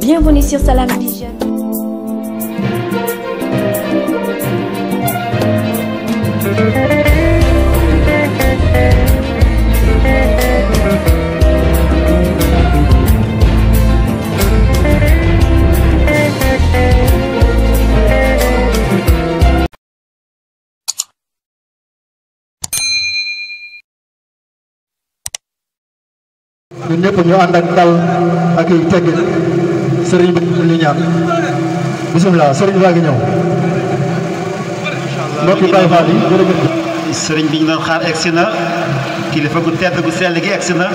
Bienvenue sur Salam Vision. ñun ñëpp ñu ànd ak dal ak ay teggin sëriñ bi ñu sëriñ baa ñëw mbokki Baye Fall yi jërëjëf sëriñ xaar egsi na kilifa gu tedd gu sell gi egsi na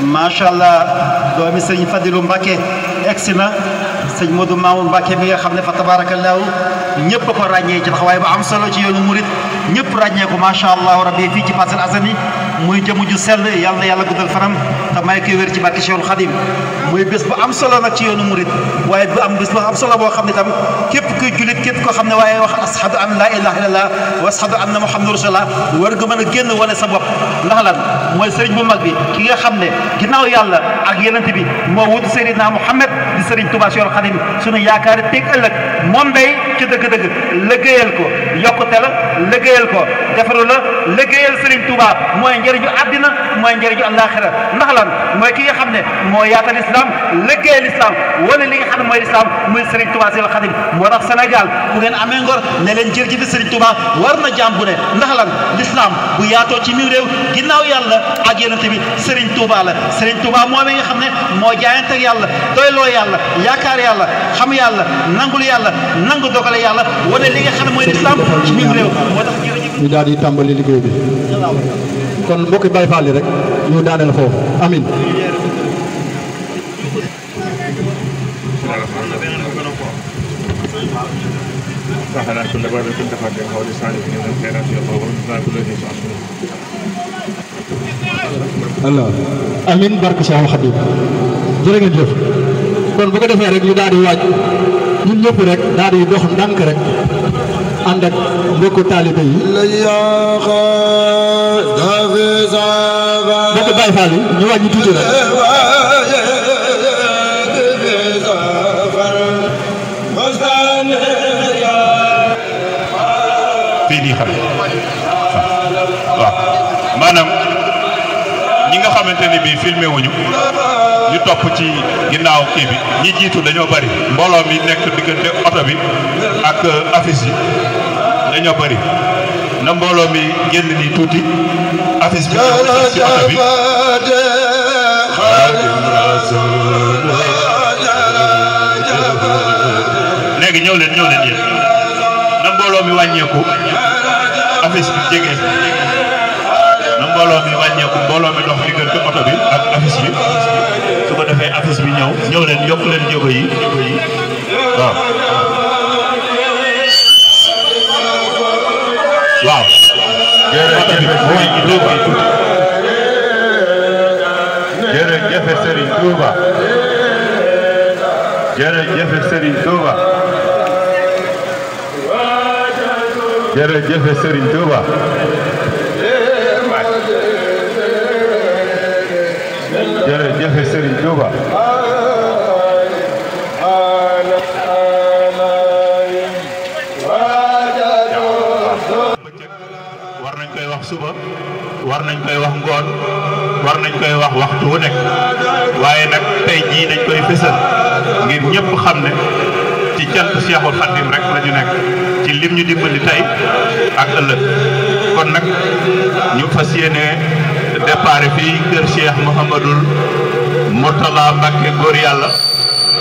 macha allah doomi sëriñ Fadilou Mbacke egsi na sëñ Modou Mamoun Mbacke mi nga xam ne fa tabaarakallaahu ñëpp ko ràññee ci taxawaay am solo ci yoonu murit ñëpp ràññee ko macha allah rabbi fii ci Parcelles Assainies muy jëmu ju sell yàlla na yàlla guddal fanam te may koy wér ci barke Cheikhul Khadim muy bés bu am solo nag ci yoonu murit waaye bu am bés bu am solo boo xam ne tam képp kuy julit képp koo xam ne waaye wax ashadu an laa ilaha illallah wa ashadu anna muhammadur rasulullah war nga mën a génn wane sa bopp ndax lan mooy sëriñ bu mag bi ki nga xam ne ginnaaw yàlla ak yenent bi moo wut Seydina Muhammad di sëriñ Tuubaa Cheikhul Khadim sunu yaakaar teg ëllëg moom day ci dëgg-dëgg liggéeyal ko yokkute liggéeyal ko defaru la liggéeyal Serigne Touba mooy njëriñu àddina mooy njëriñu àllaaxira ndax lan mooy ki nga xam ne moo yaatal islam liggéeyal islam wala li nga xam ne mooy islam muy Serigne Touba Seydil Xadim moo tax Sénégal bu ngeen amee ngor ne leen jërëjëf Serigne Touba war na jàmm bu ne ndax lan l'islam bu yaatoo ci mi réew ginnaaw yàlla ak yonent bi Serigne Touba la Serigne Touba moomee nga xam ne moo jaayante ak yàlla doyloo yàlla yaakaar yàlla xam yàlla nangul yàlla nangu dogale yàlla wane li nga xam ne mooy lislaam ci mi réew moo tax ñu daal di tàmbali liggéey bi kon mbokki Baye Fall rek ñu daaneel foofu amin Allah amin barke Cheikh Khadim jëf kon bu ko defee rek ñu daal di waaj ñun ñëpp rek daal di dox ndànk rek ànd ak mbokku taalibe yi. mbokku Baye Fall yi ñu wàññi tuuti rek. fii nii xam waaw maanaam ñi nga xamante ne bii filmé wuñu ñu topp ci ginnaaw kii bi ñu jiitu dañoo bari mbooloo mi nekk diggante oto bi ak euh, affiche yi dañoo bari na mbooloo mi génn ni tuuti affiche bi ci oto bi léegi ñëw leen ñëw leen yéen na mbooloo mi wàññeeku affiche bi jege mbooloo mi wàññeeku mbooloo mi dox diggante oto bi ak affiche bi defee affiche bi ñëw ñëw leen yokk leen jéego yi waaw. waaw. jërëjëf Serigne Touba jërëjëf Serigne Touba defe Serigne Touba war nañ koy wax suba war nañ koy wax ngoon war nañ koy wax waxtu wu nekk waaye nag tey jii dañ koy fësal ngir ñëpp xam ne ci cant Seexul Xadim rek la ñu nekk ci lim ñu dimbali tey ak ëllëg kon nag ñu fas yéene déparé fii kër Cheikh Mouhamadul Mourtala Mbacke góor yàlla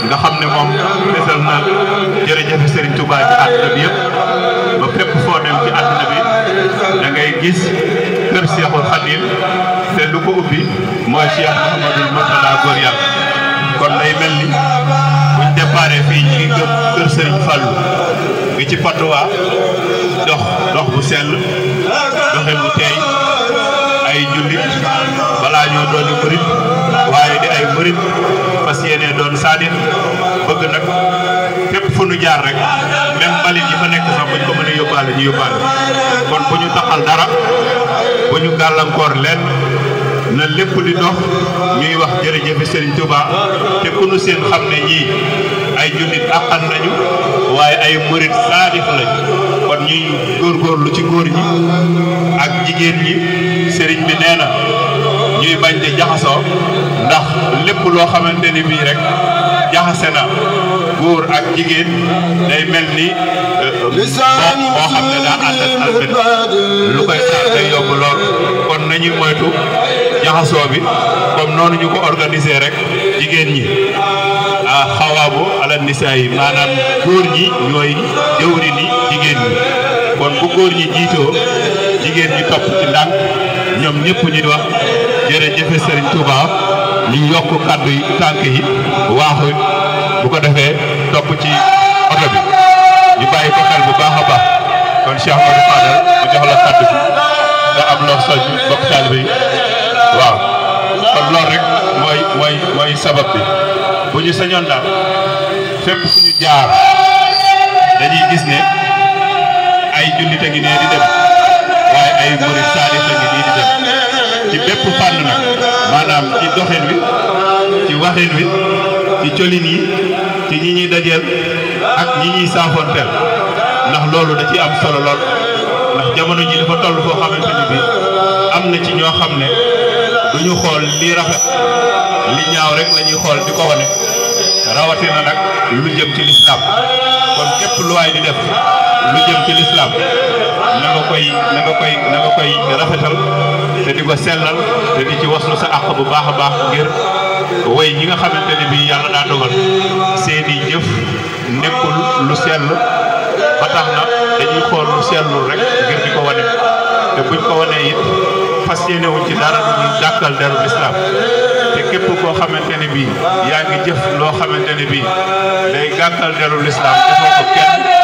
nga xam ne moom fesal na jërëjëf Serigne Touba ci àdduna bi yëpp ba fépp foo ci àdduna bi da ngay gis kër Cheikhul Khadim te ko ubbi mooy Cheikh Mouhamadul Mourtala góor yàlla kon lay mel ni buñ déparé fii ñu ngi gëm kër Serigne Fallou ngi ci Patte dox dox bu sell doxin bu teey ay jullit balaa ñoo doon i murit waaye di ay murit fas yéene doon saadin bëgg nag fépp fu nu jaar rek même mbalit yi fa nekk sax buñ ko mën a yóbbaale ñu ñu taxal dara bu ñu gàllankoor leen na lépp di dox ñuy wax jërëjëf Serigne Touba te ku nu seen xam ne ñii ay jullit àqan nañu waaye ay murit saadif lañu ñuy góorgóorlu ci góor ñi ak jigéen ñi sëriñ bi nee na ñuy bañ di jaxasoo ndax lépp loo xamante ni bii rek jaxase na góor ak jigéen day mel ni euh, boo xam ne daa ànd ak lu koy taal day yóbbu lool kon nañuy moytu jaxasoo bi comme noonu ñu ko organiser rek jigéen ñi a ah, xawaabu ala nisaa yi maanaam góor ñi ñooy jëwri ni jigéen ñi kon bu góor ñi jiitoo jigéen ñi topp ci ndànk ñoom ñëpp ñu wax jërëjëfe Serigne Touba ñu yokk kàddu yi tànk yi waaxu bu ko defee topp ci oto bi ñu bàyyi ko xel bu baax a baax kon Cheikh Modou Fadal mu jox la kàddu bi nga am loo soñ bokk taalibe bi waaw kon loolu rek mooy mooy mooy sabab bi bu ñu sañoon daal fépp fu jaar dañuy gis ne. ay jullit a ngi di dem waaye ay murid saalix a ngi di dem ci bépp fànn nag maanaam ci doxin wi ci waxin wi ci colin yi ci ñi ñuy dajeel ak ñi ñuy saafonteel ndax loolu da ci am solo lool ndax jamono ji dafa toll foo xamante ni bi am na ci ñoo xam ne lu ñu xool li rafet li ñaaw rek la ñuy xool di ko wane na nag lu jëm ci lislaam kon képp lu waay di def lu jëm ci lislaam na koy na nga koy na rafetal te di ko sellal te di ci waslu sa àq bu baax a baax ngir way ñi nga xamante ni bii yàlla daa dogal seeni jëf nekkul lu sell ba tax na dañuy xool lu sellul rekk ngir di ko wane te buñ ko wanee it fas yéene ci dara du dàkkal deru lislaam te képp ko xamante ne bii yaa ngi jëf loo xamante ni bii day gàkkal deru lislaam defoo ko kenn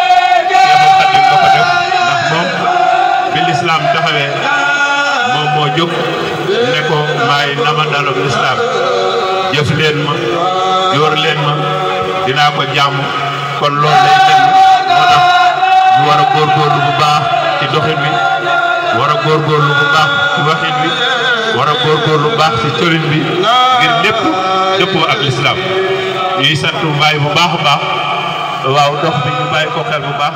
moo naa def ndax lislaam taxawee moom moo jóg ne ko maay nama dalum lislaam jëf leen ma jóor leen ma dinaa ko jàmm kon loolu lay mel moo tax ñu war a góorgóorlu bu baax ci doxin bi war a góorgóorlu bu baax ci waxin bi war a góorgóorlu bu baax ci colin bi ngir lépp dëppoo ak lislaam ñuy sant mbaay bu baax baax waaw dox bi ñu bàyyi ko bu baax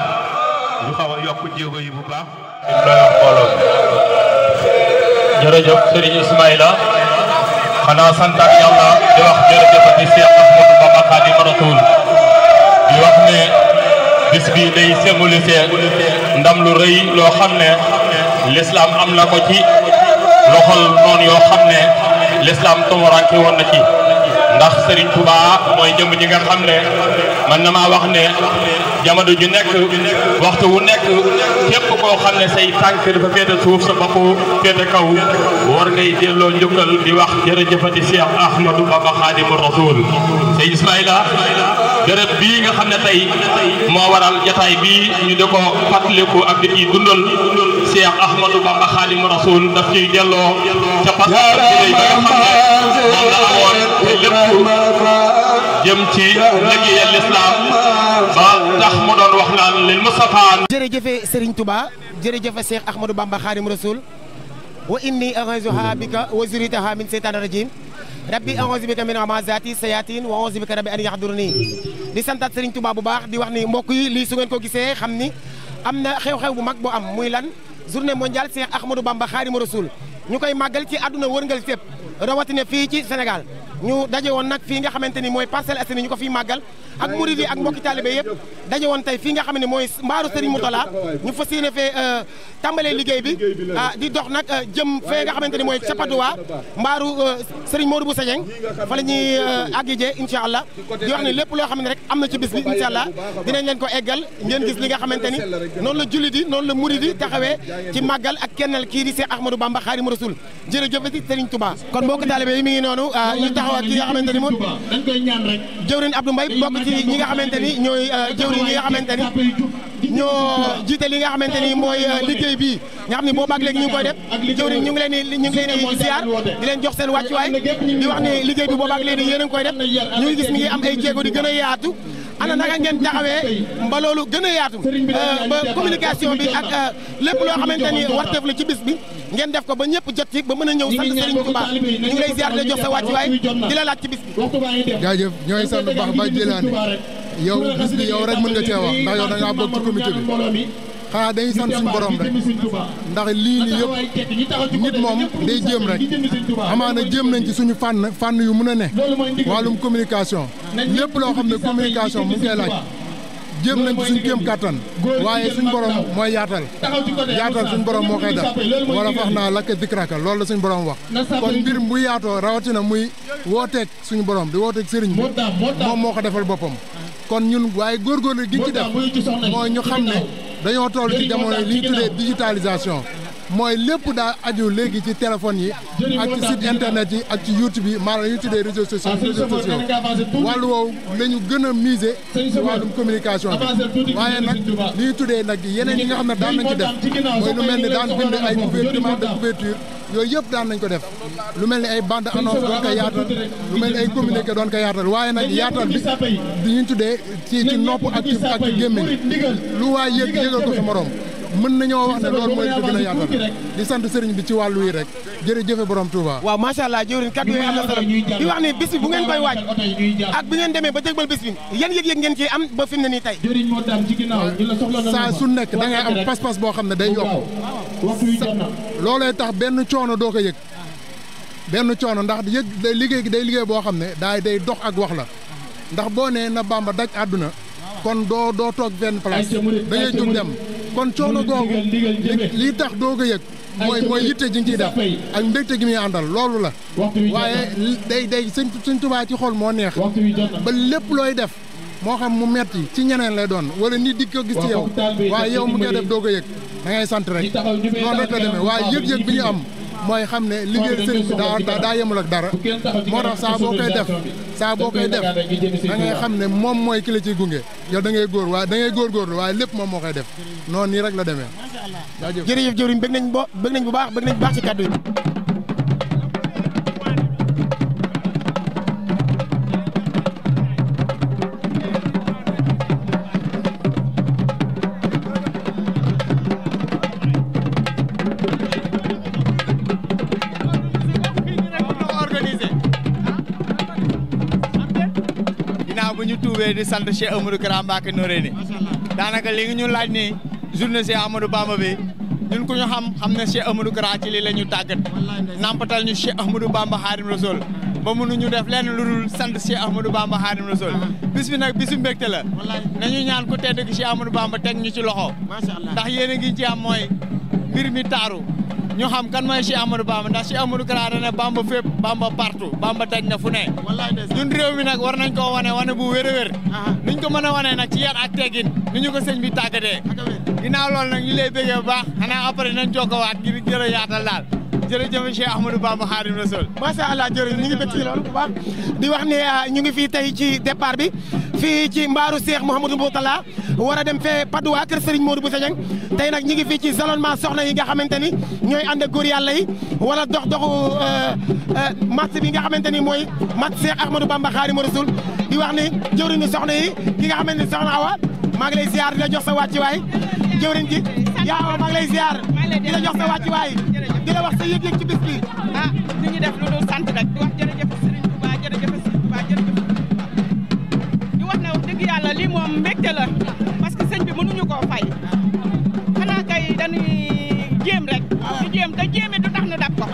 ñu xaw a yokk jéego xanaa sant di wax jërëjëf di Cheikh Ahmadou Bamba Khadimu Rasul di wax ne bis bii day symbolisé ndam lu rëy loo xam ne l'islam am na ko ci loxol noonu yoo xam ne l'islam tumuraanke woon na ci. ndax Serigne Touba mooy jëm ji nga xam ne man na maa wax ne jamono ju nekk waxtu wu nekk képp koo xam ne say tànk dafa féete suuf sa bopp féete kaw war ngay delloo njukkal di wax jërëjëfati Cheikh Ahmadou Bamba Khadimu Rasoul te Ismaïla béréb bii nga xam ne tey moo waral jataay bii ñu di ko fàttaliku ak di ci dundal Cheikh Ahmadou Bamba Xaadimu Rasuul daf ciy la amoon te lépp jëm ci liggéeyal lislaam ba tax mu doon wax naan lil Mustafaa. jërëjëf Serigne Touba jërëjëf Cheikh Ahmadou Bamba Xaadimu Rasuul wa inni a'uuzuhaa bika wa zurriyatahaa min seytaani rajiim rabbi a'uuzu bika min hamazaati sayaatiin wa a'uuzu bika rabbi an yahduruni di santaat Serigne Touba bu baax di wax ni mbokk yi lii su ngeen ko gisee xam ni am na xew-xew bu mag boo am muy lan journée mondiale Cheikh Ahmadou Bamba Khadimu Rasoul ñu koy màggal ci àdduna wërngal fépp rawatina fii ci Sénégal ñu daje woon nag fii nga xamante ni mooy Parcelles Assainies ñu ko fiy màggal ak murid yi ak mbokki taalibe yëpp daje woon fii nga xam ne mooy mbaaru Serigne Moutala ñu fas yéene fee euh, tàmbalee liggéey bi ah, di dox nag euh, jëm fee nga xamante ne mooy capaduwa mbaaru euh, Serigne Modou Bousso Dieng fa la ñuy àggijee incha allah di wax ne lépp loo xam ne rek am na ci bis bi incha allah dinañ leen ko eggal ngeen gis li nga xamante ni noonu la jullit yi noonu la murid yi taxawee ci màggal ak kennal kii di Seex Ahmadou Bamba Xaadimu Rasuul jërëjëfati Serigne Touba kon mbokki taalibe yi mi ngi noonu ah, ñu taxaw ak ki nga xamante ni moom ci ñi nga xamante ni ñooy euh, jëwriñ ñi nga xamante ni ñoo jiite li nga xamante ni mooy euh, liggéey bi nga xam ni boobu ak léegi ñu ngi koy def jëwriñ ñu ngi leen di ñu leen jox seen wàccuwaay di wax ni liggéey bi boobu ak léegi yéen a ngi koy def ñu ngi gis mi ngi am ay jéego di gën a yaatu ana naka ngeen taxawee ba loolu gën a yaatu euh, ba communication bi ak lépp loo xamante ni warteef la ci bis bi ngeen def ko ba ñëpp jot ci ba mën a ñëw sant Serigne Touba ñu ngi lay ziar di jox sa wàccuwaay di la laaj ci bis bi. jaajëf ñooy sant bu baax ba jëlaane yow bis bi yow rek mën nga cee ndax yow da ngaa bokk ci comité bi. xanaa dañuy sant suñu borom rek ndax lii nii nit moom day jëm rek amaana jëm nañ ci suñu fànn fànn yu mun a ne wàllum communication lépp loo xam ne communication mu ngi koy laaj. jéem nañ ci suñ kéem kàttan waaye suñ borom mooy yaatal yaatal suñ borom moo koy def wala fax naa lakka dikraka loolu la suñ borom wax kon mbir bu yaatoo rawatina muy wooteeg suñu borom di wooteeg sëriñ bi moom moo ko defal boppam kon ñun waaye góorgóorlu gi ñu ci def mooy ñu xam ne dañoo toll ci jamono li ñu mooy lépp daa aju léegi ci téléphone yi ak ci site internet yi ak ci YouTube yi maanaam yu ñu tuddee réseaux sociaux ah, réseaux woow wàllu woowu la ñu gën a miser ci wàllum communication bi waaye nag li tuddee nag yeneen yi nga xam ne daan nañ ci def mooy lu mel ni daan bind ay couverture de couverture yooyu yëpp daan nañ ko def lu mel ni ay bande annonce doon ko yaatal lu mel ni ay communiqué doon ko yaatal waaye nag yaatal bi di ñu tuddee ci ci nopp ak ci ak ci gémmiñ lu waa yëg yëgal ko sa morom mën nañoo wax ne loolu mooy dëgg la yaatal di sant sëriñ bi ci wàllu wi rek jërëjëfe borom Touba waaw macha allah jëwriñ kaddu yooyu am na solo di wax ne bis bi bu ngeen koy waaj ak bi ngeen demee ba jégbal bis bi yan yëg-yëg ngeen ci am ba fi mu ne nii tey saa su nekk da ngay am pas-pas boo xam ne day yokk loolee tax benn coono doo ko yëg benn coono ndax yëg day liggéey gi day liggéey boo xam ne daay day dox ak wax la ndax boo nee na Bàmba daj àdduna kon doo doo toog benn place da ngay jóg dem kon coono googu lii tax doog a yëg mooy mooy yitte ji ciy def ak mbégte gi muy àndal loolu la waaye day day sëñ sëñ Tuubaa ci xol moo neex ba lépp looy def moo xam mu metti ci ñeneen lay doon wala nit di ko gis ci yow waaye yow mu koy def doog a yëg sant rek noonu rek la demee waaye yëg-yëg bi ñu am mooy xam ne liggéey sëriñ bi daa daa yemul ak dara moo tax saa boo koy def saa boo koy def da ngay xam ne moom mooy ki la ciy gunge yow da ngay góor waaye da ngay góorgóorlu waaye lépp moom moo koy def noonu nii rek la demee. jërëjëf jëriñ bëgg nañ bo bëgg nañ bu baax bëgg nañ bu baax ci kàddu yi. bu ñu tuubee di sant Cheikh Amadou Kara Mbacké Noreyni daanaka li ñu laaj ni journée Cheikh Amadou Bamba bi ñun ku ñu xam xam na si Amadou Kara ci la ñu tàggat nampatal ñu Cheikh Amadou Bamba Xaadim Rasul ba mënuñu def lenn lu dul sant Cheikh Ahmadou Bamba Xaadim Rasul bis bi nag bisu mbégte la ñu ñaan ku tedd ki Cheikh Ahmadou Bamba teg ñu ci loxo ndax yéen a ngi ci am mooy mbir mi taaru ñu xam kan mooy Cheikh Amadou Bamba ndax Cheikh Amadou Kara da ne Bamba fépp Bamba partout Bamba daj na fu ne ñun réew mi nag war koo wane wane bu wér a wér niñ ko mën a wane nag ci yar ak teggin ni ko sëñ bi tàggatee ginnaaw loolu nag ñu lay bëggee bu baax xanaa nañ jokkowaat ngir jërë yaatal daal jërëjëf Cheikh Ahmadou Bamba Xaadimu Rasuul macha allah jërëjëf ñu ngi bëgg ci ah, ñu ngi fii tey bi fii ci mbaaru Cheikh Mouhamadou Moutala war a dem fee Padoua kër Serigne Modou Bousso Dieng tey nag ñi ngi fii ci salonnement soxna yi nga xamante ni ñooy ànd ak góor yàlla yi wala dox doxu euh, euh, match bi nga xamante ni mooy match Cheikh Ahmadou Bamba Khadimou Rassoul di wax ni jëwriñu soxna yi ki nga xamante ni soxna Awa maa ngi lay ziar di la jox sa wàccuwaay jëwriñ ji yaa Awa maa ngi lay ziar di la jox sa wàccuwaay di la wax sa yëg-yëg ci bis bi ah, mbégte la parce que sëñ bi mënuñu koo fay xanaa kay dañuy jéem rek ah. di jéem te jéeme du tax nu dab ko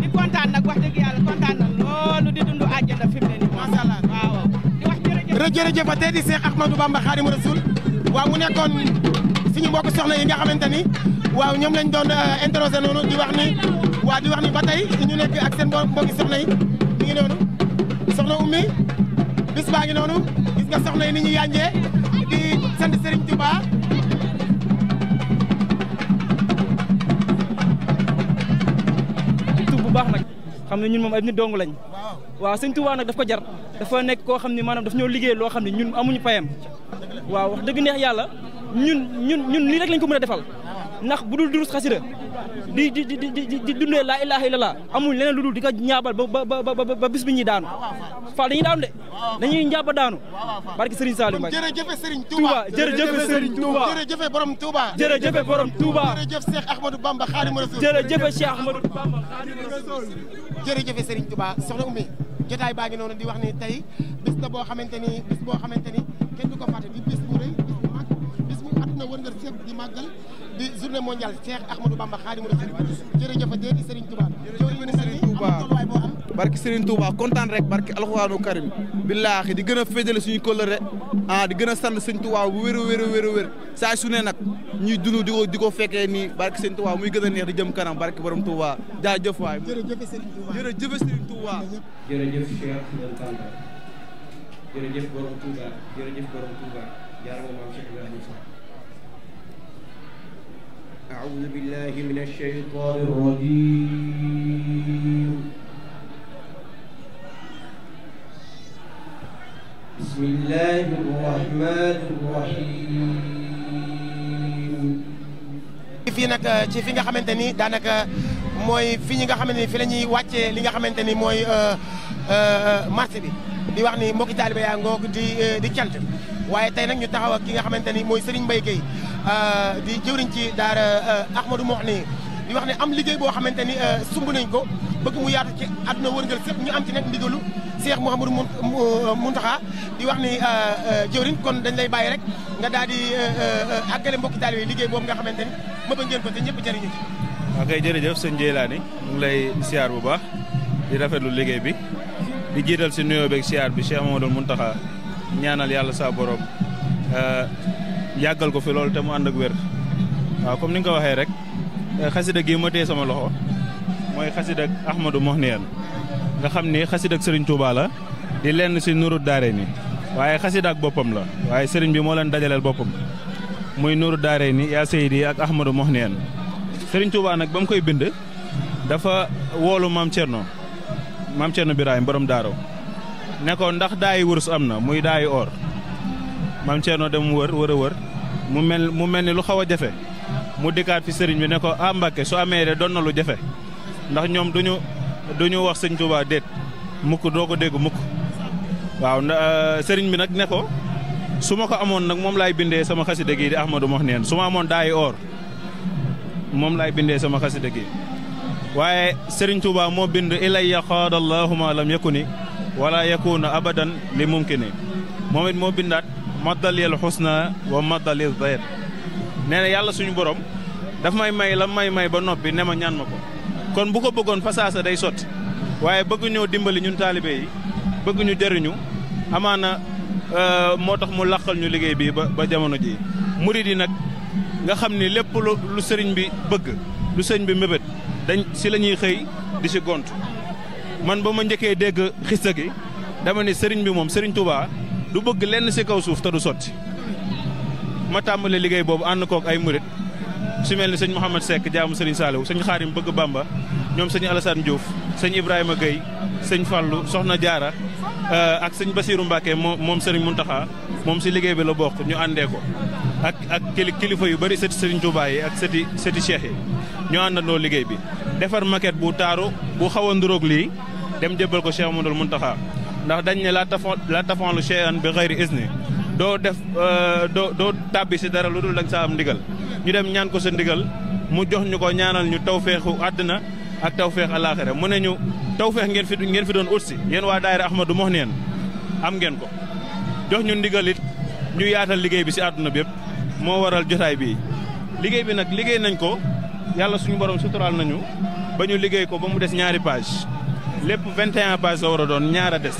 di kontaan nag wax dëgg yàlla kontaan na loolu di dund àjjana fi mu ne nii macha ba tey di Cheikh Ahmadou Bamba Khadim Rasoul waaw mu nekkoon suñu mbokk soxna yi nga xamante ni waaw ñoom lañ doon euh, interrogé noonu di wax ni waaw di wax ni ba tey ñu nekk ak mbokki soxna yi ngi noonu soxna ummi bis baa ngi noonu nga soxna yi ni ñu di sant Serigne Touba bu baax nag xam ne ñun moom ay nit dong lañ waaw Serigne Touba nag daf ko jar dafa nekk koo xam ne maanaam daf ñoo liggéey loo xam ne ñun amuñu payam waaw wax dëgg neex yàlla ñun ñun ñun lii rek lañ ko mën a defal ndax bu dul durus xasida di di di di di dundee laa ilaha illallah amul leneen lu dul di ko ñaabal ba ba ba ba bis bi ñuy daanu Fall dañuy daanu de dañuy ñaaba daanu barki Serigne Saliou Mbacké jërëjëf Serigne Touba jërëjëf Serigne Touba jërëjëf borom Touba jërëjëf borom Touba jërëjëf Cheikh Ahmadou Bamba Khadimu Rasul jërëjëf Cheikh Ahmadou Bamba Khadimu Rasul jërëjëf Serigne Touba soxna Oumy jotaay baa ngi noonu di wax ni tey bis la boo xamante ni bis boo xamante ni kenn du ko fàtte di bis bu rëy bis bu mag bis bu àdduna di màggal di journée mondiale Cheikh Ahmadou Bamba Khadimu Rasul jërëjëfatee Serigne Touba. jërëjëf Serigne Touba barki Serigne Touba kontaan rek barki alxuraanu karim billaahi di gën a féetale suñu kóllëre ah di gën a sant Serigne wér a wér a wér a wér saa su ne nag ñuy dund di ko di ko fekkee ni barki Serigne Touba muy gën a neex di jëm kanam barki borom Touba jaajëf waay. jërëjëf Serigne Touba jërëjëf Serigne jaar nga maam أعوذ بالله من الشيطان الرجيم بسم الله الرحمن الرحيم fii nag ci fi nga xamante ni daanaka mooy fi ñi nga xamante ni fi la ñuy wàccee li nga xamante ni mooy euh, euh, marché bi di wax ni mbokki taalibe yaa ngoog di euh, di cant waaye tey nag ñu taxaw ki nga xamante ni mooy Serigne Mbaye Gueye Euh, di jëwriñ ci daara euh, Ahmadou Mouhni di wax ne am liggéey boo xamante ni euh, sumb nañ ko bëgg mu yaatu ci àdduna wërngal sëpp ñu am ci nekk ndigalu Cheikh Mouhamadou Mountakha di wax ni jëwriñ kon dañ lay bàyyi rek nga daal di àggale mbokki taalibe yi liggéey boobu nga xamante ni ma bëgg ngeen ko te ñëpp jëriñu ci. waaw kay jërëjëf sëñ Jeylaani mu lay siyaar bu baax di rafetlu liggéey bi di jiital si nuyoo beeg siyaar bi Cheikh Mouhamadou Mountakha ñaanal yàlla saa borom. yàggal ko fi loolu te mu ànd ak wér waaw comme ni nga ko waxee rek eh, xasida gi ma sama loxo mooy xasida ak Ahmadou Mouhniyane nga xam ni xasida ak Serigne Touba la di lenn si nuru daare ni waaye xasida ak boppam la waaye sëriñ bi moo leen dajaleel boppam muy nuru daare ni yaa Seydi ak Ahmadou Mouhniyane Serigne Touba nag bam koy bind dafa woolu maam Thierno maam Thierno Birahim borom daaro ne ko ndax daayi wurus am na muy daayi or maam Thierno dem wër wër a wër mu mel mu mel ni lu xaw a jafe mu dikkaat fi sëriñ bi ne ko ah Mbàkke su amee de doon na lu jafe ndax ñoom duñu ñu wax sëñ Tuubaa déet mukk doo ko dégg mukk waaw euh, sëriñ bi nag ne ko su ma ko amoon nag moom laay bindee sama xasida gi di Ahmadou neen su ma amoon daayi or moom laay bindee sama xasida gi waaye sëriñ Tuubaa moo bind ilayya qaada Allahu ma lam yakuni wala yakuna abadan li mumkini moom moo bindaat maddalil xusna wa maddalil dayr nee na yàlla suñu borom daf may may la may may ba noppi ne ma ñaan ma ko kon bu ko bëggoon saasa day sotti waaye bëgg ñoo dimbali ñun taalibe yi bëgg ñu jëriñu amaana euh, moo tax mu laqal ñu liggéey bi ba ba jamono ji muri yi nag nga xam ni lépp lu sëriñ bi bëgg lu sëriñ bi mébét dañ si la ñuy xëy di si gont man ba ma njëkkee dégg xista gi dama ne sëriñ bi moom sëriñ Touba. lu bëgg lenn ci kaw suuf te du sotti ma tàmbale liggéey boobu ànd kook ay murit su mel ni sëñ Mouhamed Seck jaamu sëriñ Saliou sëñ Xaarim bëgg Bamba ñoom sëñ Alassane Diouf sëñ Ibrahima Gueye sëñ Fallou soxna Diarra euh, ak sëñ Basirou Mbacke moom moom sëriñ Mountakha moom ci liggéey bi la bokk ñu àndee ko ak ak kilifa yu bëri sëti sëriñ Touba yi ak sëti sëti yi ñu àndandoo liggéey bi defar maquette bu taaru bu xaw a nduróog lii dem jébbal ko Cheikh Amadou Mountakha ndax dañ ne la tafon la tafonlu cheyan bi xëyri isni doo def euh, doo doo tàbbi si dara lu dul danga saa am ndigal ñu dem ñaan ko sa ndigal mu jox ñu ko ñaanal ñu tawféexu àdduna ak tawféex alaaxira mu ne ñu tawféex ngeen fi ngeen fi doon ut si yéen waa daayira Ahmadou neen am ngeen ko jox ñu ndigal ñu yaatal liggéey bi si àdduna bi yëpp moo waral jotaay bii liggéey bi nag liggéey nañ ko yàlla suñu borom suturaal nañu ba ñu liggéey ko ba mu des ñaari page lépp 21 page la war a doon ñaar a des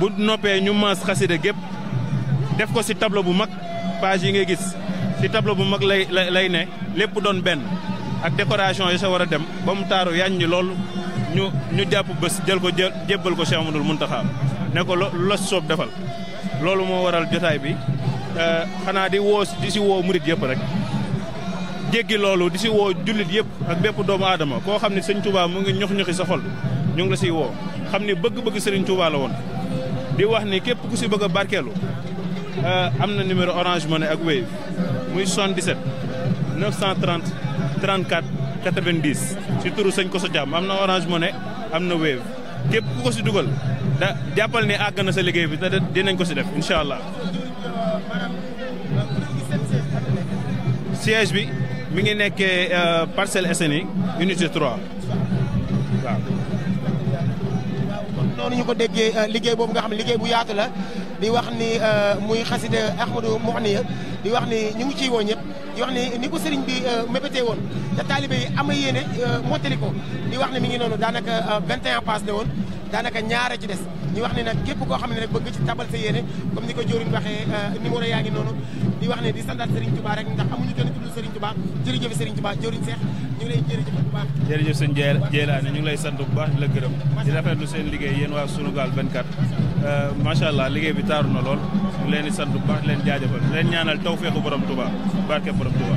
bu noppee ñu maas xasida gépp def ko si tableau bu mag page yi ngay gis ci tableau bu mag lay lay ne lépp doon benn ak décoration yi sa war a dem ba mu taaru yàññi loolu ñu ñu jàpp bés jël ko jébbal ko Cheikh Amadou Mountakha ne ko los soob defal loolu moo waral jotaay bi euh, xanaa di woo di ci woo murit yëpp rek jéggi loolu di si woo jullit yëpp ak bépp doomu aadama koo xam ne sëñ Touba mu ngi ñox ñoxi sa xol ñu ngi la siy woo xam ne bëgg-bëgg sëriñ Touba la woon di wax ni képp ku si bëgg a barkeelu euh, am na numéro Orange ne ak Wave muy 77 930 34 90 si turu sëñ Koso Jàmm am na Orange ne am na Wave képp ku ko si dugal da jàppal ne àgg na sa liggéey bi te dinañ ko si def incha allah siège bi mi ngi nekkee euh, Parcelles Assainies unité 3 waaw. kon noonu ñu ko déggee euh, liggéey boobu nga xam ne liggéey bu yaatu la di wax ni euh, muy xasida Ahmadou Mouhniya di wax ni ñu ngi ciy woo ñëpp. di wax ne ni ko sëriñ bi euh, mébétee woon te taalibe yi ama yéene euh, mottali ko di wax ne mi ngi noonu daanaka 21 euh, pass la woon daanaka ñaar a ci des ñu wax ne nag képp koo xam ne rek bëgg ci tabal sa yéene comme ni ko Diorine waxee numéro yaa ngi noonu di wax ne di sandaat Serigne Touba rek ndax amuñu kenn tudd Serigne Touba jërëjëf Serigne Touba Diorine Seck ñu lay jërëjëf bu baax. jërëjëf ñu ngi lay sant bu baax di la gërëm. di rafetlu seen liggéey yéen waa Sunugal 24. macha allah liggéey bi taaru na lool. leen di sant bu baax leen jaajëfal leen ñaanal tawféexu borom Touba barke borom Touba.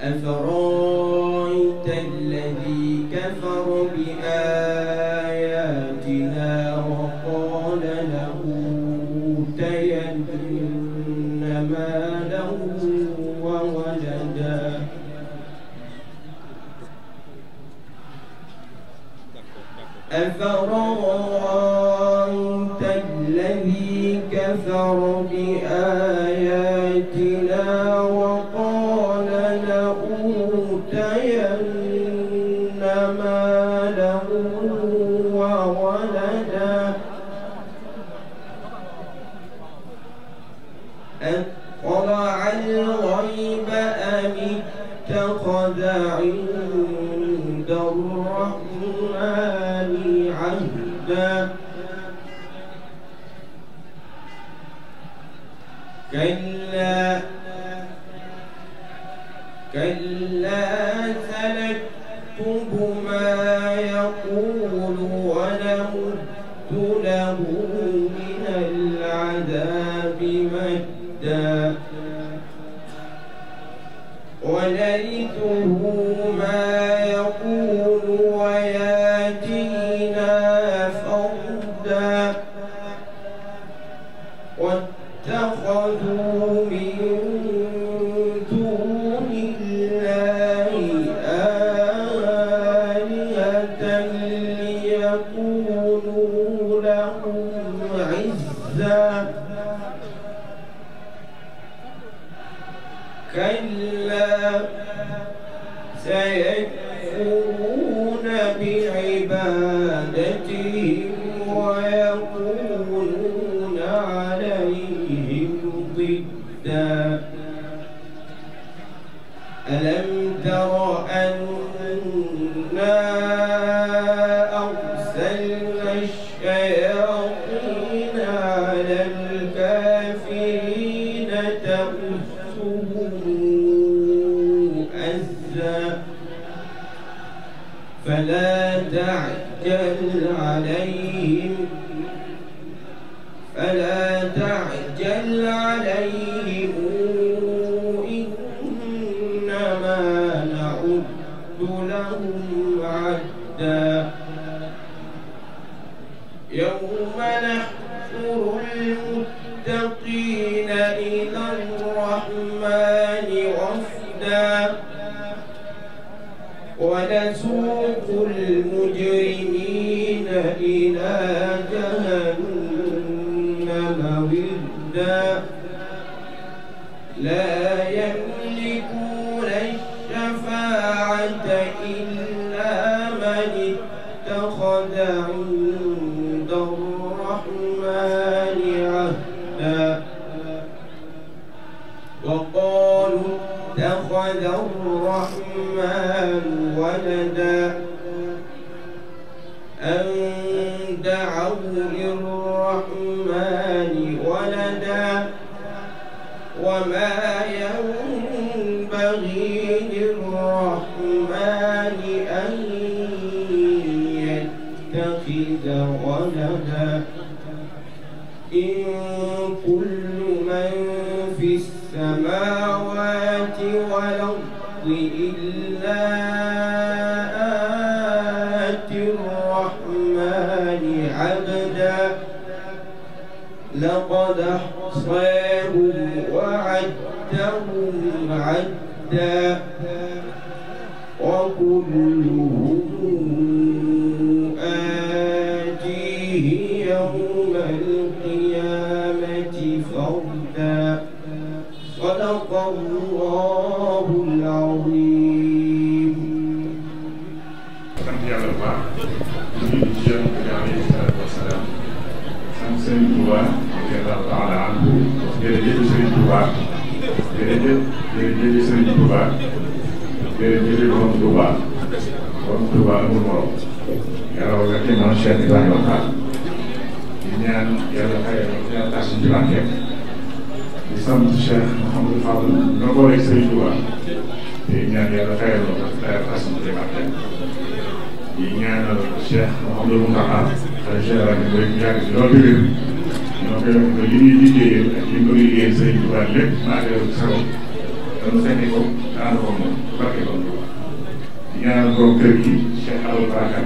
أفرأيت الذي كفر بآياتنا الرحيم sant yàlla bu baax ñu ngi ci yonent bi alayhi salaatu wa salaam sant Serigne Touba radiyallahu taala anhu jërëjëf Serigne Touba jërëjëf jërëjëf Serigne Touba jërëjëf borom Touba borom Touba amul morom yàlla war nga téeméer Cheikh Ibrahima Fall di ñaan yàlla xëy na yàlla tàgguñ ci barkeem di sant Cheikh Mouhamadou Fadl di ñaan yàlla fayal lool ak fayal asma di baaxee di ñaanal Cheikh Mouhamadou Mountakha xale général bi mooy ñaari si loolu lépp ñoo koy wax que li ñuy liggéeyal ak li ñu liggéeyal Sëriñ Tuubaa lépp maa ngi leen sago dama fexe ko ànd ko moom barke ko di ñaanal borom kër gi Cheikh Abdou Bakar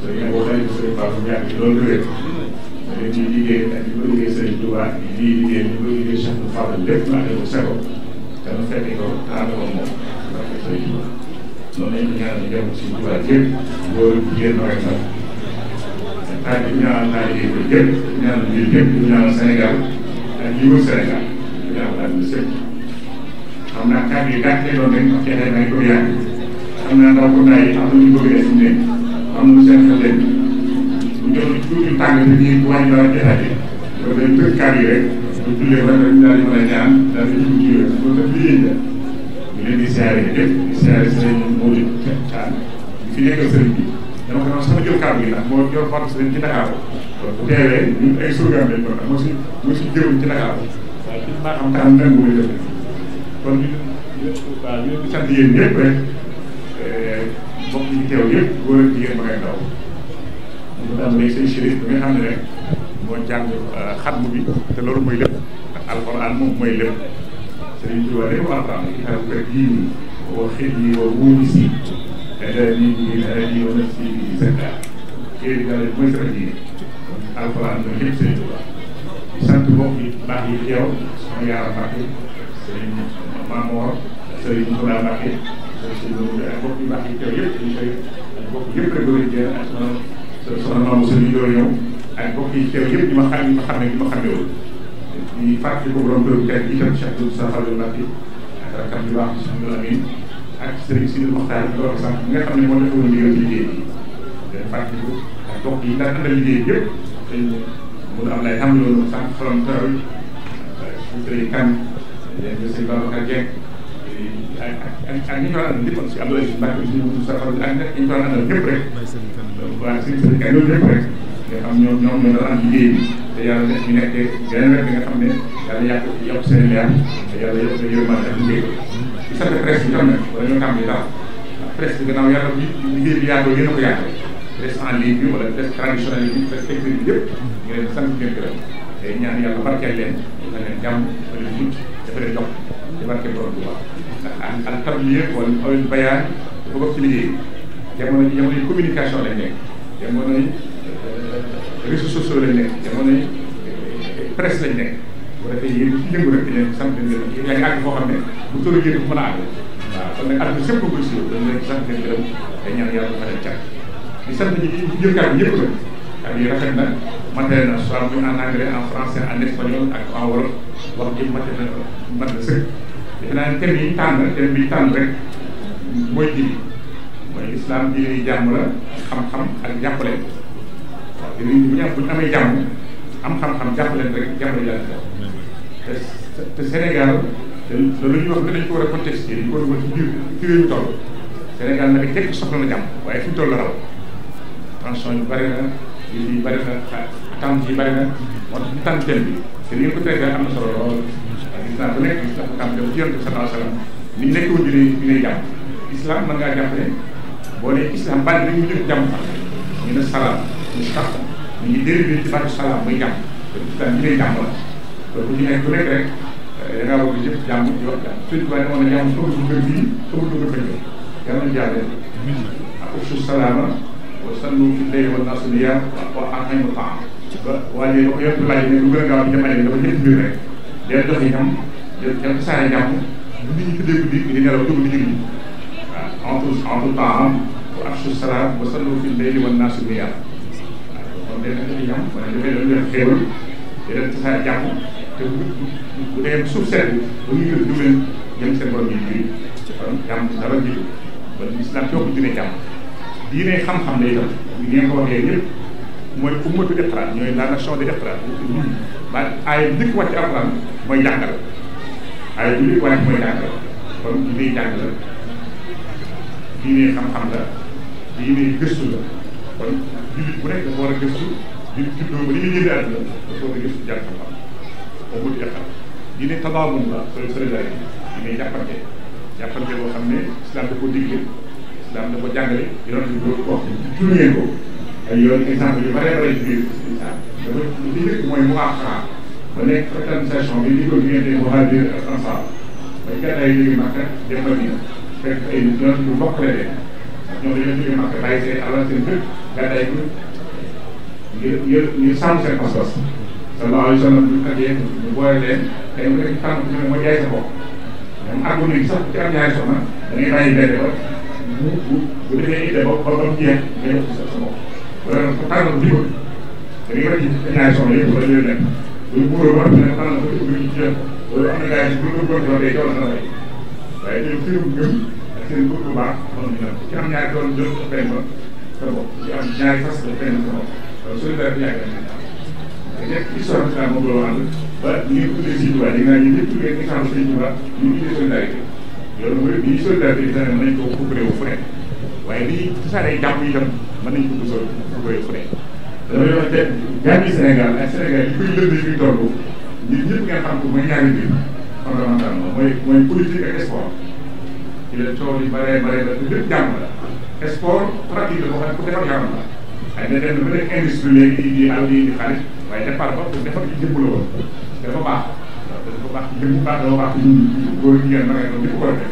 sëñ bi boo xamee sëriñ Ba bu ñaari si loolu lépp dañ ciy liggéeyal ak li ñu liggéeyal Sëriñ Tuubaa lii liggéeyal li ñu liggéeyal Cheikh Fadal lépp maa ngi leen sago dama fexe ko ànd ko moom. sëriñ bi noonu lañ ko ñaanal jàmm si tubaab yëpp góor ak jigéen mag ak ndaw taaj bi ñaanal naaj yi ko yëpp ñaanal mbir yëpp ñaanal Sénégal ak ñi wër Sénégal ñaanal àdduna sëpp xam naa kàddu yi gàtt doon rek wax jafe nañ ko yàgg xam naa ndaw ko ndaay yi am na ñu bëgg def ne am na seen xel leen bu jox tuuti tàng te ñuy wàññi dara jafe loolu dañ tëj kàddu yi rek bu jullee ba rek daal di mën a ñaan daal di tuuti rek loolu daf liggéey leen di siyaare yi def di siyaare sëriñ Modou Thiam fi nekkal sëriñ bi dama ko doon sama jël kàddu gi ndax moo yor fànn sëriñ ci Dakar kon bu teewee ñun ay surgaam lañ doon ndax moo suñ moo suñ jëwuñ ci Dakar waaye ci maa xam taxam nangu muy def kon ñu waaw ñu di sant yéen ñëpp rek eh, mbokk yi teew yëpp góor ak jigéen ma ngay ndaw ñu daan léegi seen chérif bi nga xam ne rek moo jàng eh, xatmu bi te loolu mooy lépp ndax alxuraan moom mooy lépp Sëriñ Tuubaa lépp xam-xam itam kër gii nii wa xëy na wa wóolu si daal di ñu daal di yow nag si biir Sénégal kii daal di mooy sama diine alxuraan di sant mbokk yi baax yi teew sama yaara Mbàkke Sëriñ Mamor Sëriñ Moussa Mbàkke Sëriñ Moussa mbokk yi baax yi teew yëpp dañu koy mbokk yëpp rek doon yi teew yëpp ñu ma xam ñu ma xamee di fàttali ko borom kër gi tey itam Cheikh Abdou Sakhar Mbacké ak rakkam yu baax Cheikh Abdou Amine ak Serigne Sidi Mokhtar bi nga xam ne moo defoon liggéey liggéey bi fàttali ko ak bokk yi daan àndal liggéey yëpp te mu am lay xam loolu sànq xolam taw yi kan leen sëñ Babacar Dieng ak ak ak ñi ñu daan àndal lépp si Abdou Aziz Mbacké suñu Abdou Sakhar bi ak ñi ñu daan àndal ñëpp rek waaw Serigne Sidi Kan ñoom ñëpp rek nga xam ñoom ñoom ñoo daan liggéey bi te yàlla def ñu nekk beneen wet bi nga xam ne yàlla yàq yokk seen leer te yàlla yokk seen yërmande ak njëkk ci sa yàlla liggéey bi yaatoo yéen a ko yaatoo presse en ligne leen sant ngeen gërëm yàlla barkeel leen dafa leen jàmm dafa liggéey jamono ji yi communication lañ nekk jamono yi réseaux sociaux lañ nekk jamono yi presse lañ nekk bu defee yéen ci yëngu rek di leen sant leen gërëm yaa ngi àgg foo xam ne bu tóor yéen bu mën a àgg waaw kon nag àdduna sëpp ko si yow dañ leen sant leen gërëm day ñaan yàlla fa dem cat di sant ñi ci jël kàddu yëpp nag kàddu yi rafet na matériel na soit muy en anglais en français en espagnol ak en wolof wax ji matériel na mat na sëkk defe naa ne thème yi tànn thème bi tànn rek mooy ji mooy islam bi jàmm la xam-xam ak jàppale te nit ñi bu ñu amee jàmm am xam-xam jàpp leen rek jàmm la yàlla def te te Sénégal te loolu ñuy wax ne dañ ko a contesté dañ ko war a dugal ci biir ci réew mi toll la raw tension yu bëri na lii yu ñu tànn jën bi te ni nga ko traité am na solo lool gis naa bu ñu nekkoon di jàmm islam mën ne boo nee ne salaam ñu ngi déréglu ci bàttu salaam muy jàmm dañu ñu lay jàmm la loolu ñu nekk ku nekk rek da ngaa war a jëf jàmm di wax jàmm suñu tubaab demoon na jàmm soxla dugal bii soxla dugal bële yàlla na jàll ak usu salaama wa sannu fi lay wa nasunu yar wa anxañu faam ba waa léegi ba ko yëpp laaj ne lu gën a gaaw bi jamono bi dafa ñëpp mbir rek del joxe ñam del del saare jàmm bu nit ñi tuddee guddi di nelaw dugg di julli waaw en tout en tout temps am wa afsu salaam wa sannu fi lay wa nasunu yar dana indi ñam wala dafay doon xéewal dana tasaare jàmm te bu bu dee suuf seet ba ñu yóbbu dugal jëm seen borom yi ñuy kon jàmm dara jiitu ba islam yokku dina jàmm diine xam-xam lay doon ñooy la nation de iqra ba aay njëkk wàcc alquran mooy jàngal aay bu njëkk wàcc mooy jàng la diine xam-xam la diine kon jullit bu nekk dafa war a gëstu jullit juddoo ba li ñu ñëwee àdduna dafa war a gëstu jàng xam-xam boobu di xam diine tabaabun la soo solidarité diine jàppante jàppante boo xam ne islam da ko digle islam da ko jàngale yoon bi loolu ko tudd ngeen ko ay yoon exemple yu bare bare ci biir dafa li rek mooy mu aqaa ba nekk organisation bi li ko diggante muhajir ak ansaar bañ gàddaay jóge Makka dem Madina fekk ay nit ñoo ñu bokk la de ñoom dañoo jóge Makka nga day ñu ñu ñu sàmm seen pas-pas sallallahu alayhi wa sallam ñu xëjee ñu boole leen te mu nekk tànn bu ñu ne mooy jaay sa bopp ñoom àggu nañ sax ci am ñaari soxna da ngay bàyyi benn ba bu bu bu defee itte ba ba ba mu jeex nga def sa sa bopp. wala nag tànn bu jubal da ngay bëri ci ñaari soxna yëpp wala yooyu nekk buñ buuroo ba dina tànn bu jubal ñu jël wala am na gars yi bu ñu doon doon day doon na rek waaye ñoom seen gëm ak seen bëgg bu baax mën nañu ci am ñaari doon jël benn ba te bokk di am ñaari fas ba kenn te bokk loolu solidarité yàgg nañ ko nekk histoire bi daal moom la wàll ba ñu ngi tuddee si tubaab yi naan ñu ñëpp tuddee exemple si tubaab ñu ngi tuddee solidarité loolu mooy bi solidarité bi dana mën nañ ko fukk réew fu ne waaye li tasaare jàmm yi tam mën nañ ko fukk fukk réew fu ne damay wax te jàmmi Sénégal ak Sénégal yi koy lënd yi muy toll ñun ñëpp ngeen xam ko mooy ñaari mbir fondamentalement mooy mooy politique ak espoir ci la coow yi bare bare la te lépp jàmm la sport pratique la boo xam ne pour defar yaram la xëy na dem na ba nekk industrie léegi di di àll di indi xaalis waaye départ ba pour defar ci jëmm la woon dafa baax dafa baax ci jëmm baax dafa baax ci góor yi jigéen naka noonu ñëpp ko war a def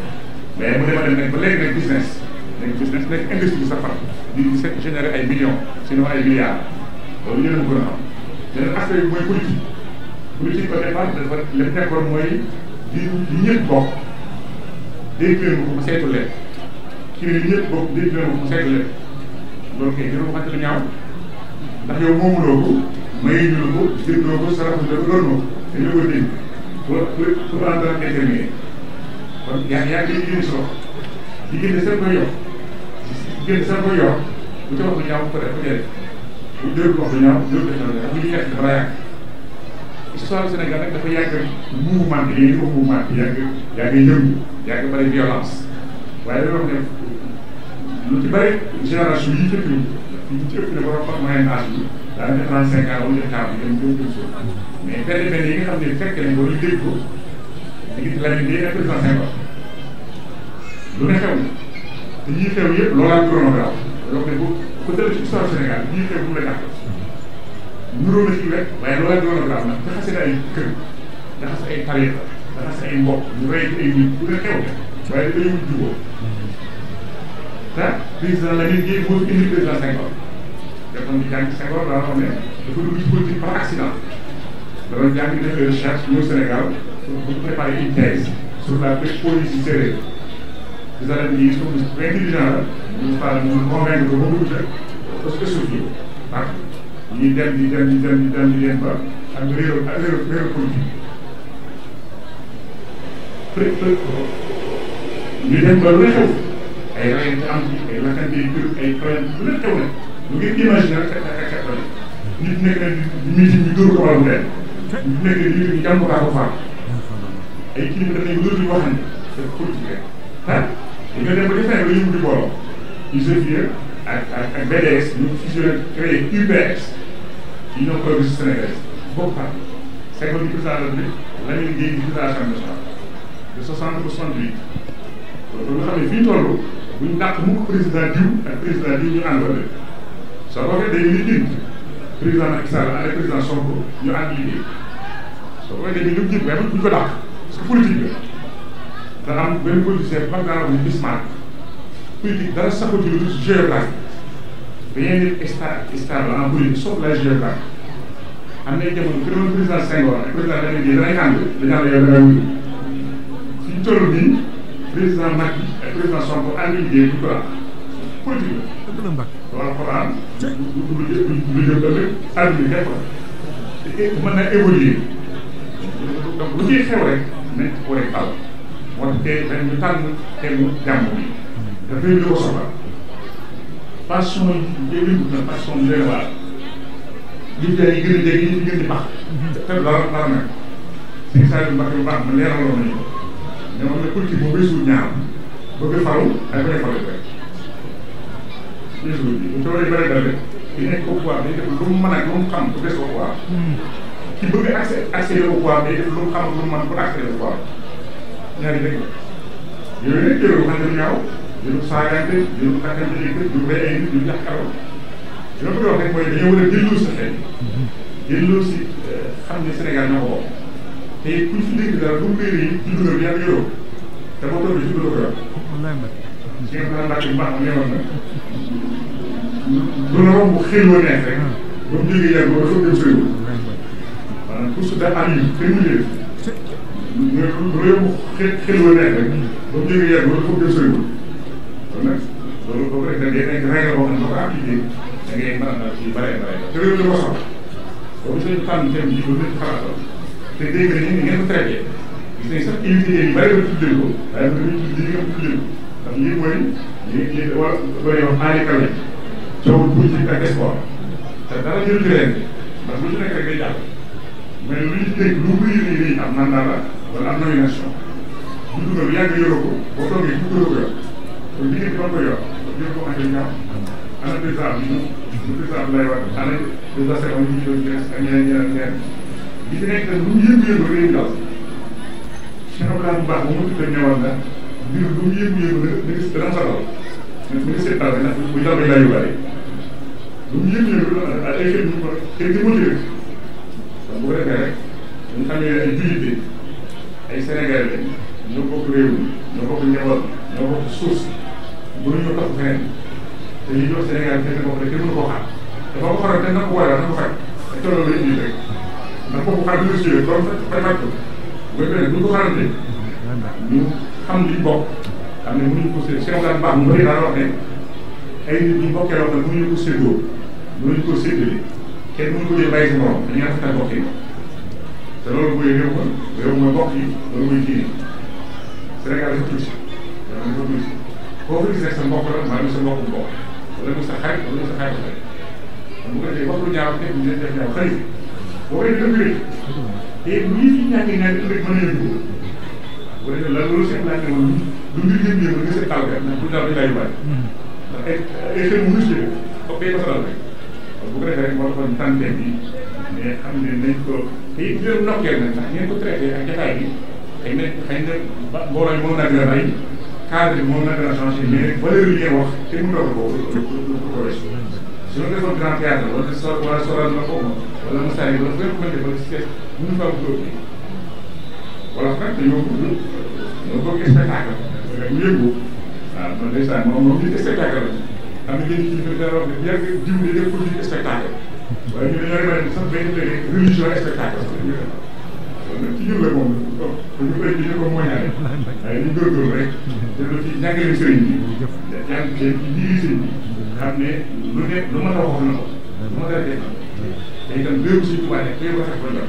mais mu dem a dem nag ba léegi nag business léegi business nekk industrie safar di générer ay millions sinon ay milliards loolu yéen a ko gën a xam beneen aspect bi mooy politique politique au départ dafa li mu nekkoon mooy di di ñëpp bokk dégg leen ko ba saytu leen ci biir ñëpp bokk nit ñi moom segg leen loolu kay jël ko fàttali ñaaw ndax yow moomuloo ko mayuñu ko jëndoo ko saraxuloo ko doonoo ko dañu ko dénk ba ba ba dara déterminé kon yaa yaa ngi leen di solo diggante seen koy yor diggante seen koy yor bu ca wax lu ñaaw ko def ko def bu déglu wax lu ñaaw déglu def na ak bu ñu nekk dafa yàgg histoire Sénégal nag dafa yàgg mouvement bi yéen mouvement bi yàgg yàgg yëngu yàgg bari violence waaye dañoo wax ne lu ci bëri génération yi ñu fekk ñu ci ëpp ne borom xam moyen âge bi daanaka trente cinq ans wala quarante dem jëm jëm suuf mais benn benn yi nga xam ne fekk nañ ko ñu dégg ko dañuy laaj bi day nekk président Senghor lu ne xew na te ñuy xew yëpp loolaa chronographe donc ne bu ko dellu ci histoire Sénégal ñuy xew bu mu la jàpp ñuróo na ci wet waaye loolaa chronographe nag jaxase na ay kër jaxase ay tariixa jaxase ay mbokk ñu rey ci ay nit bu ne xew waaye dañuy jubóo te président la nit ñi moo fi indi président Senghor defoon di jàng Senghor daa xam ne dafa dugg ci politique par accident da doon jàng def recherche ñëw Sénégal pour préparer une thèse sur la politique sérieuse des années yi ñu intelligent la ñu faral di convaincre ba bëgg parce que suuf yi ak ñuy dem di dem di dem di dem di dem ba ak réew ak réew réew politique ñu dem ba lu xew ay rayante am ay waxante yu jur ay problème bu nekk teew na lu ngeen imaginer rek ak ak nit nekk na meeting ñu dóor ko wàllu leen nit nekk na ñu jàmm baax ko faam ay kilifa dañuy dóor ñu waxante c'est politique ah dañoo dem ba def nañ ba ñu mujj booloo UGPE ak ak ak BDS ñu fusionné créé UPS Union Progressiste Sénégalaise bokk parti cinquante pour cent la bi Lamine Gueye di président Assemblée nationale de soixante pour soixante-huit loolu nga xam ne fii toll bu ñu dàq mu ko président diw ak président diw ñu ànd wala soo ko defee day liggéey président Macky Sall ak président Sonko ñu ànd liggéey soo ko defee ñu jëm waaye bu ñu ko dàq parce que politique la da am benn politicien bu mag daan wax ni Bismarck politique dara saxul ci lu dul géographie dañuy nekk sta stable en politique sauf la géographie am na ay jamono ku demoon président Senghor ak président Lamine Guèye danay ànd dañu ànd yow da ngay wuyu fi ñu toll nii. président Macky ak président Sonko ànd liggéey bu ñu ko am politique la. loolu xanaa du du du du du ëllëg àdduna nekk la te mën na évoluer donc lu ciy xew rek nañ ko war a taw moo tax tey dañ ñu tànn thème mu jàmm bi dafay lu ko soxla passion yi yëngu na passion bi lay waal liggéey yi gën a jéggi ñu gën di baax. Mm-hmm. te dara dara nag si saa yu baax yu baax ma leeraloon nañu ko. ne woon na politique moom résoudre ñaar bëgg faru ak bañ a faru rek résoudre bi doole ji bëri bëri ki nekk au pouvoir day def lu mu mën ak lu mu xam bu des au pouvoir hmm. ki bëgg accès accéder au pouvoir day def lu mu xam ak lu mu mën pour accéder au pouvoir ñaari dëgg la yooyu nag jëlul xam ne ñaaw jëlul saagante jëlul xakkante dëgg jëlul rey ay nit jëlul yàq alal li ma bëgg wax rek mooy dañoo war a delloo si xel hmm. delloo si euh, xam ne Sénégal ñoo ko bokk te it kuñ si dégg dara pour mbéy mi juddu nga ñaari yoroo te boo toogee juddu la ko yor. si nga xam naa ne mbaax mi newoon na. lu romb xëy na neex rek. ba mu jógee yàgg ba dafa dem sëriñ. maanaam pour su dee am yi xëy mu ñëwee. ñu lu romb xëy xëy na neex rek. ba mu jógee yàgg ba dafa dem sëriñ. kon nag loolu boobu rek da ngay nekk règle boo xam ne boo ko appliqué da ngay mën a ci bare bare te réew mi ko xam. boobu suñu tànn thème bi ba nit xalaat te dégg nañ ni ngeen ko traité gis nañ sax invité yi bari ko tuddee ko waaye bu ñu tuddee ngeen ko tuddee ko ndax lii mooy lii lii wala bëri wax handicap lañ coowul politique ak sport te dara jël ci leen ndax lu ci nekk rek day jàpp mais lu ñu dégg lu muy yëngu day am mandat la wala am nomination bu dugal bu yàgg yoroo ko boo toogee bu dugaloo ko yor kon li ngeen doon ko yor ngeen ko andi ñaaw ana président bi ñu président bi lay wax ana président Seck ñu ngi doon ak ñeneen ñeneen ñeneen bi fi nekk nag lu mu yëngu-yëngu rek dañuy daw Cheikh Abdoulaye bu baax bu mu tudd ñëwoon na mbir lu mu yëngu-yëngu rek da nga dana sa daw mais bu ñu seet daal nag bu ñu daw dañ laa yóbbaale lu mu yëngu-yëngu ay ay xeet ñu ko xeet ñu motivé bu ko defee rek ñu xamee ne ay jullit lañ ay Sénégal lañ ñoo bokk réew mi ñoo bokk njaboot ñoo bokk suuf mënuñoo tax feneen te li ñuy wax Sénégal fekk na ko rek kenn mënu koo xam dafa ko faral te na ko waral na ko faj te loolu la ñuy rek. ndax kooku xanaa bu ñu suivee loolu fay fay bu ñu ko xamante ñu xam li bokk xam ne mënuñu ko séddoo seen daan baax mu bëri daal wax ne ay nit ñu bokkee wax ne mënuñu ko séddoo mënuñu ko séddale kenn mënu ko jël bàyyi si morom dañuy rafetal bokk yi te loolu mooy réew kon réew mooy bokk yi loolu mooy diine Sénégal dafa tuuti dafa tuuti boo ko gisee sa mbokk la mbaa sa mbokk bu bokk wala mu sa xarit wala mu sa xarit bu ko defee wax lu ñaaw teg ñu leen def ñaaw xarit boo koy dëggalee te bu ñuy si ñàkkee ñàkk rek mën nañu ko bu dee la loolu seen laaj woon du mbir yëpp yëpp nga seen taw bi ndax bu ñu daal dañ laay bàyyi mm-hmm. ndax ay ay xel mu rus rek foog day fasaral rek bu ko defee rek war ko tànn bi mais xam ne nañ ko te it mbirum nokkeel na ndax ngeen ko traité ak jataay bi xëy na na ba mbooloo yi moom naa gën a rey cadre bi a changé mais valeur wax te mu doog a ko ko ko weesu su ma defoon grand théâtre wala sor wala soral na ko wala Moussa yi wala fu ngeen ko mënee wala si kees bu ñu faaw góor bi wala nag dañoo bëgg dañoo bëgg spectacle nga yëngu waaw ah, man de ça moom moom nit spectacle la am na yenn kii bi dara wax ne yàgg diw di def politique spectacle waaye ñu ne ñoo mel ni sax bay defee religion spectacle la ñu def loolu nag ci ñun la moom dañu bëri di ñu ko moñaale waaye ñu góorgóorlu rek te lu ci jàngale sëriñ bi jàng leen ci lii sëriñ bi xam ne lu ne lu ma la wax na ko lu ma la def dañu dem réew si tubaab yi réew ba tax ba ñor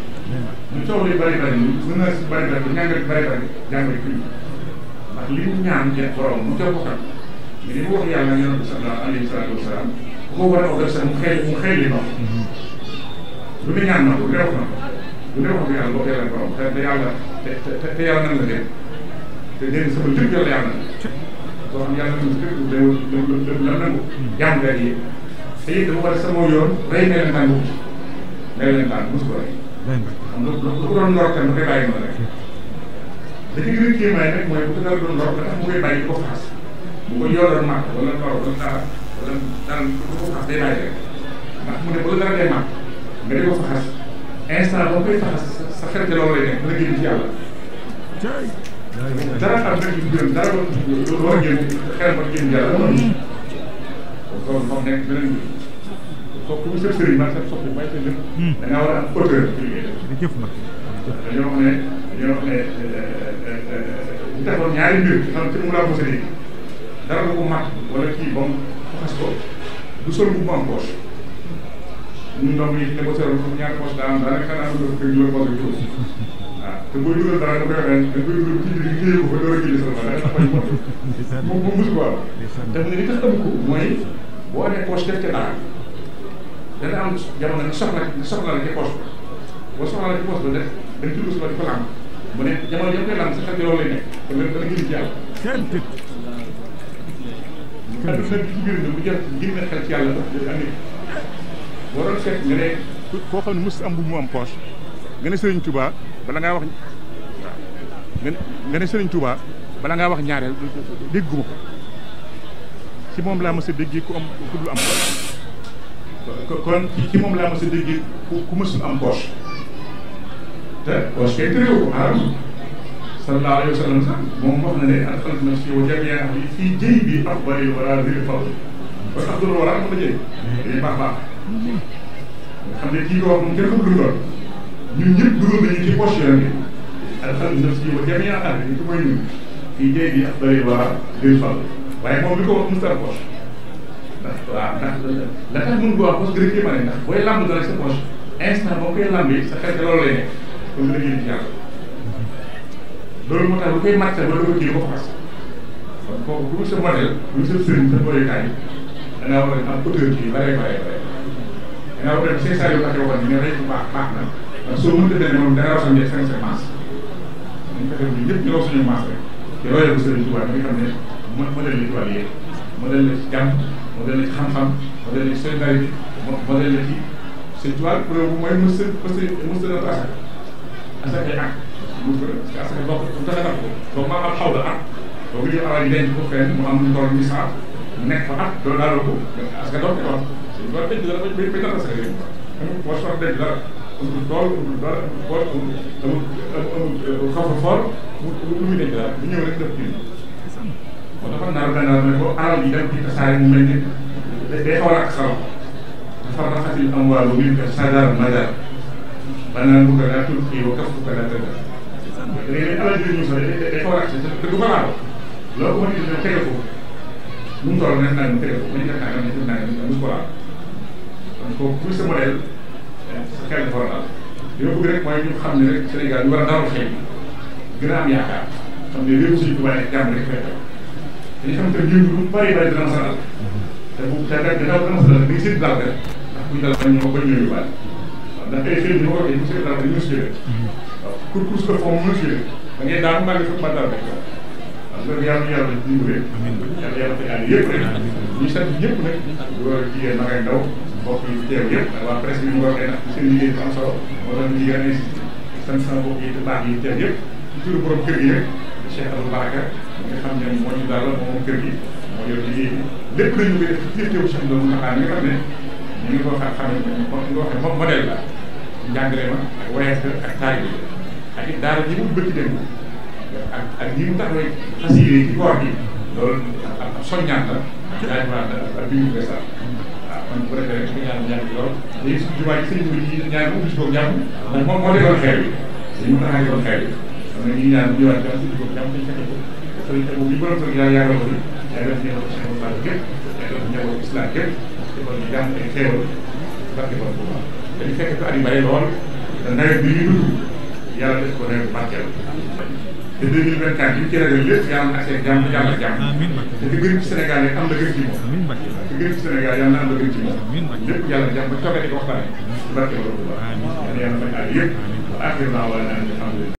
ñu coow li bëri bëri ñu mën naa si bëri bëri ñu ñàngal bëri bëri jàngale ko ñu ndax li mu ñaan jeex borom mu teew ko xam mais li mu wax yàlla yonent bi sallallahu alayhi wa sallam bu ko war a wax sax mu xëy mu xëy li ndox lu ne ñaan na ko lu ne wax na ko lu ne wax ko yàlla boo yàlla borom te te yàlla te te te yàlla nan la dee te dégg sama lépp yàlla yàlla na soo xam yàlla nañu lépp day day day nangu jàmm daal yéen te it dafa war a sama yoon rey na leen nangu léeg nañ ko am mosu ko rey. xam nga lu ko doon lor kenn koy bàyyi noonu rek. da ci gën a kéemaay nag mooy bu ko dara doon lor nga tax mu koy bàyyi ko xas bu ko yooloon màkk wala taw wala dara wala dara bu ko xas day bàyyi rek ndax mu ne bu la dara day màkk nga di ko fa xas instant boo koy faxas sa xel ci loolu lay nekk dana génn ci yàlla. dara am rek yu gën dara war a génn xel ba génn yàlla. kon loolu moom nekk beneen soo ku ñu sa sëriñ man sa soppi may sa lépp da ngaa war a am auteur ci liggéey jëf nag dañoo wax ne dañoo wax ne bu taxoon ñaari mbir xam ci mu laa mos a dégg dara du ko mat wala kii bom xas ko du sol bu am poche ñun doom yi ne ko seeroon comme ñaari poche daa am daanaka xanaa lu ko ñu la poche bi waaw te boo dugal dara da koy waxee da koy dugal kii bi kii ko ba door a jëli sama dara dafay bon moom bu mus ko daf ne li tax amu ko mooy boo nee poche def ca dara dana am jamono nga soxla nga soxla la ci poche ba boo soxla la ci poche ba nag da nga jublu si di ko làmb mu ne jamono yëpp koy làmb sa xel ci loolu lay nekk te loolu dana gën ci yàlla. adduna bi ci biir bu jot ngir na xel ci yàlla ba am boo doon seet nga ne koo xam ne mos am bu mu am poche nga ne Serigne Touba bala ngaa wax waaw nga ne Serigne Touba bala ngaa wax ñaareel dégguma ko ci moom laa mos a déggee ku am ku dul am kon ci moom laa mos a déggee ku mësul am poche te poche kenn xamul lu doon ñun waaye moom li ko wax mu waaw ndax la tax mën ko wax parce que dina kéemaane ndax booy lamb dara sa poche instant boo koy lambee sa xel loolu lay nekk comme nga liggéey ci yàlla loolu moo tax bu koy màcc ba doog a kii ko fas kon kooku bu sa modèle bu sa sëriñ sa booyukaay da ngaa war a am auteur bi bare bare bare da ngaa war a dem cinq cent yoo xam ne waxoon ne rek bu baax baax na ndax soo mënta demee moom da ngaa war a njëkk cinq cent masse dañ ko def ñëpp ñu wax suñu masse rek te royal bu sëriñ Tuubaa da nga xam ne modèle li Tuubaa yee modèle la ci jàmm mu dellu ci xam-xam mu dellu ci solidarité mu dellu ci sëñ Tuubaa kuréel bu mooy mësta mësta na asaka asaka yi ak lu ko parce que asaka bokk bu tax a nag boobu maa am xaw la ak boo ko jël alal yi denc ko fenn mu am lu toll ni saa nekk fa at doo laaloo ko asaka doo ko wax sëñ Tuubaa denc dara bañ bañ nag asaka yooyu amul boo soxla denc dara amul tool amul dara amul bool amul amul amul coffre fort mu lu muy denc dara bu ñëw rek def kii kon dafa nar dana ne ko alal yi dem ci tasaare mu mel ni day xaw a ak solo dafa ka sadar madar banaan bu ko daa tur kii wa kaf bu ko daa tëdd léegi alal ji ñu sori day xaw a ak te du ko laal loo ko mën a jël tege ko lu mu toll nekk naa mu tege ko mën ko laal donc kooku sa modèle sa xel dafa war a daal li ma rek mooy ñu xam ne rek Sénégal ñu war a dalal xel gën a am yaakaar xam ne dañuy xam que ñun lu bari bari dina ma sanal te bu te nag dina dina ma sanal dañuy seen dal rek ndax buñ dal nañ ma ko ñëw yu bari waaw ndax ay xëy ñu ko waxee ñu seen dal dañu seen waaw pour pour que foofu mënu seen da ngay daan mbàgg fa mbàgg rek waaw loolu yàlla ñu yàlla ñu rek yàlla yàlla fa yàlla yëpp rek ñu sant ñëpp nag góor jigéen mag ak ndaw mbokk yi teew yëpp waa presse bi ñu waxee nag seen liggéey bu am solo moo tax ñu gën a sant sama mbokk yi te baax yi teew yëpp ci turu borom kër gi rek Cheikh Al Baraka nga xam ne moo ñu dalal moom kër gi moo yor liggéey lépp la koy def ci teew Cheikh Ndao Mountakha moom modèle la njàngale ma yi sëñ mu gis yoon xeer bi kon nag ñu ñaan ñu ñëwaat daal suñu bopp jàmm fekkate ko sëriñ te boobu ñu borom sëriñ yàlla yàlla woon yaa def ñëw Cheikh Ousmane gépp yaa def ñëw islam gépp te kon ñu jàmm ay xéewal barke ko bu baax dañu fekk ko at yu bari lool te nawet bi ñu dugg yàlla def ko nawet bu barkeel te 2024 yi ñu ci ragal lépp yàlla na accès jàmm yàlla jàmm te di gën ci Sénégal yi am na gën ci moom te gën ci Sénégal yàlla na am na gën ci moom lépp yàlla na jàmm ba coogati ko waxtaane barke ko bu baax yàlla yàlla fay aay yëpp wa axir naa wala naan alhamdulilah